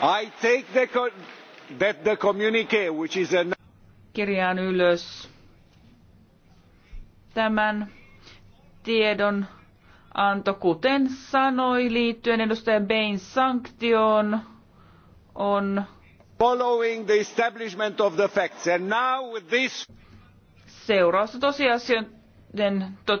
I take the that the communique, which is a... Kirjaan ylös tämän tiedon anto, kuten sanoi liittyen edustaja Bain sanktioon, on following the establishment of the facts. And now with this... seurausta tosiasioiden toteamisesta.